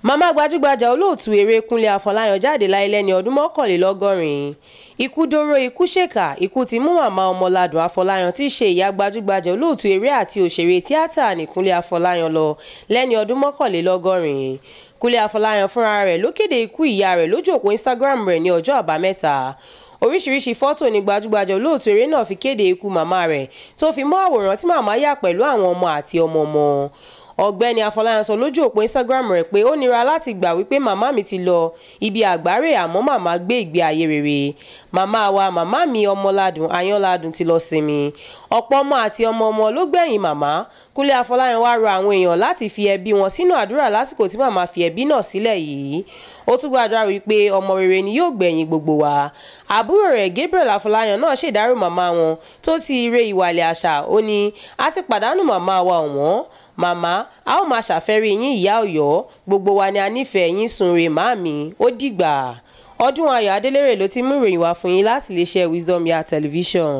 Mama, gbajúgbajà olóòtú eré kúnlé afọláyàn jáde láyé lẹ́ni ọdún mọ́kànlélọ́gọ́rin ikú dóró ikú ṣèkà ikú ti mú màmá ọmọládùn afọláyàn tí í ṣe ìyá gbajúgbajà olóòtú eré àti òṣèré tíátà nìkúnlé afọláyàn lọ lẹ́ni ọdún mọ́kànlélọ́gọ́rin kúnlé afọláyàn fúnra rẹ̀ ló kéde ikú ìyá rẹ̀ lójú òpó instagram rẹ̀ ní ọjọ́ àbámẹ́ta oríṣiríṣi fọ́tò ní gbajúgbajà olóòtú eré náà fi kéde ikú màmá rẹ̀ tó fi mọ́ àwòrán tí màmá yà pẹ̀lú àwọn ọmọ àti ọmọ ọmọ ọ̀gbẹ́ni afọláyàn sọ lójú òpó instagram rẹ̀ pé ó nira láti gbà wípé màmá mi ti lọ ibi àgbáre àmọ́ màmá gbé ìgbé ayé rere màmá wa màmá mi ọmọládùn ayánládùn ti lọ sinmi ọ̀pọ̀ ọmọ àti ọmọ ọmọ ló gbẹ̀yìn màmá kúnlé afọláyàn wá rọ àwọn èèyàn láti fi ẹbí wọn sínú àdúrà lásìkò tí màmá fi ẹbí náà sílẹ̀ yìí ó tún gbàdúrà wípé ọmọ rere ni yóò gbẹ̀yìn gbogbo wa àbúrò rẹ̀ gabriel afọláyàn náà ṣèdárò màmá wọn tó ti ire ìwàlẹ̀ àṣà ó ní a ti pàdánù màmá wa ọ̀wọ́n màmá a ó máa ṣàfẹ́rí yín ìyá ọ̀yọ́ gbogbo wa ni a nífẹ̀ẹ́ yín sunre màámi ó dìgbà ọdún ayọ̀ adélèrè ló ti mú ìròyìn wá fún yín láti iléeṣẹ́ Wisdom Yard television.